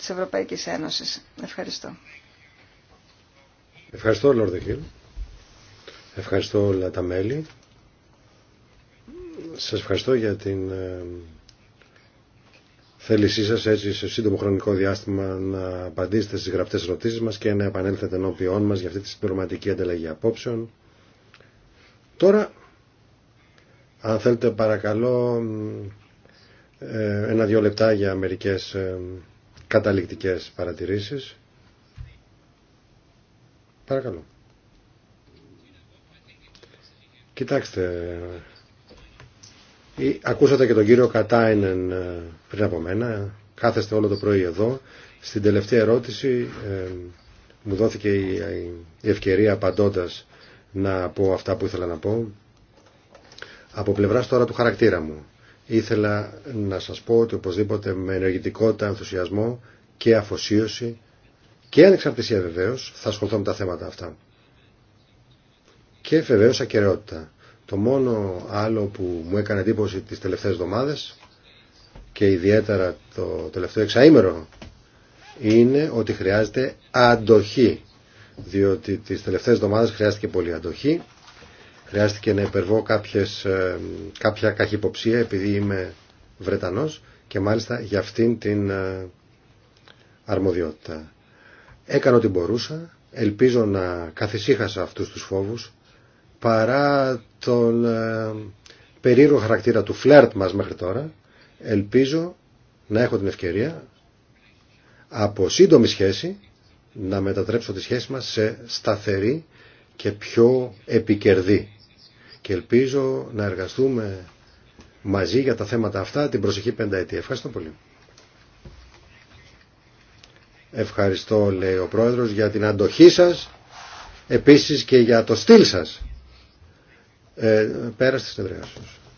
της Ευρωπαϊκής Ένωσης. Ευχαριστώ. Ευχαριστώ, Λόρδε Χίλ. Ευχαριστώ όλα τα μέλη. Σας ευχαριστώ για την ε, θέλησή σας έτσι σε σύντομο χρονικό διάστημα να απαντήσετε στις γραπτές ερωτήσεις μας και να επανέλθετε ενώπιόν μας για αυτή τη συμπληρωματική ανταλλαγή απόψεων. Τώρα, αν θέλετε παρακαλώ ε, ένα-δυο λεπτά για μερικές ε, καταληκτικές παρατηρήσεις. Παρακαλώ. Κοιτάξτε, ε, ε, ακούσατε και τον κύριο Κατάινεν ε, πριν από μένα, κάθεστε όλο το πρωί εδώ. Στην τελευταία ερώτηση μου δόθηκε η, ευκαιρία απαντώντας να πω αυτά που ήθελα να πω. Από πλευράς τώρα του χαρακτήρα μου ήθελα να σας πω ότι οπωσδήποτε με ενεργητικότητα, ενθουσιασμό και αφοσίωση και ανεξαρτησία βεβαίω θα ασχοληθώ με τα θέματα αυτά. Και βεβαίως ακαιρεότητα. Το μόνο άλλο που μου έκανε εντύπωση τις τελευταίες εβδομάδες και ιδιαίτερα το τελευταίο εξαήμερο είναι ότι χρειάζεται αντοχή διότι τις τελευταίες εβδομάδες χρειάστηκε πολύ αντοχή χρειάστηκε να υπερβώ κάποιες, ε, κάποια καχυποψία επειδή είμαι Βρετανός και μάλιστα για αυτήν την ε, αρμοδιότητα. Έκανα ό,τι μπορούσα, ελπίζω να καθησύχασα αυτούς τους φόβους παρά τον ε, περίεργο χαρακτήρα του φλερτ μας μέχρι τώρα ελπίζω να έχω την ευκαιρία από σύντομη σχέση να μετατρέψω τη σχέση μας σε σταθερή και πιο επικερδή και ελπίζω να εργαστούμε μαζί για τα θέματα αυτά την προσεχή πενταετία. Ευχαριστώ πολύ. Ευχαριστώ λέει ο Πρόεδρος για την αντοχή σας επίσης και για το στυλ σας ε, πέρα στις συνεδριά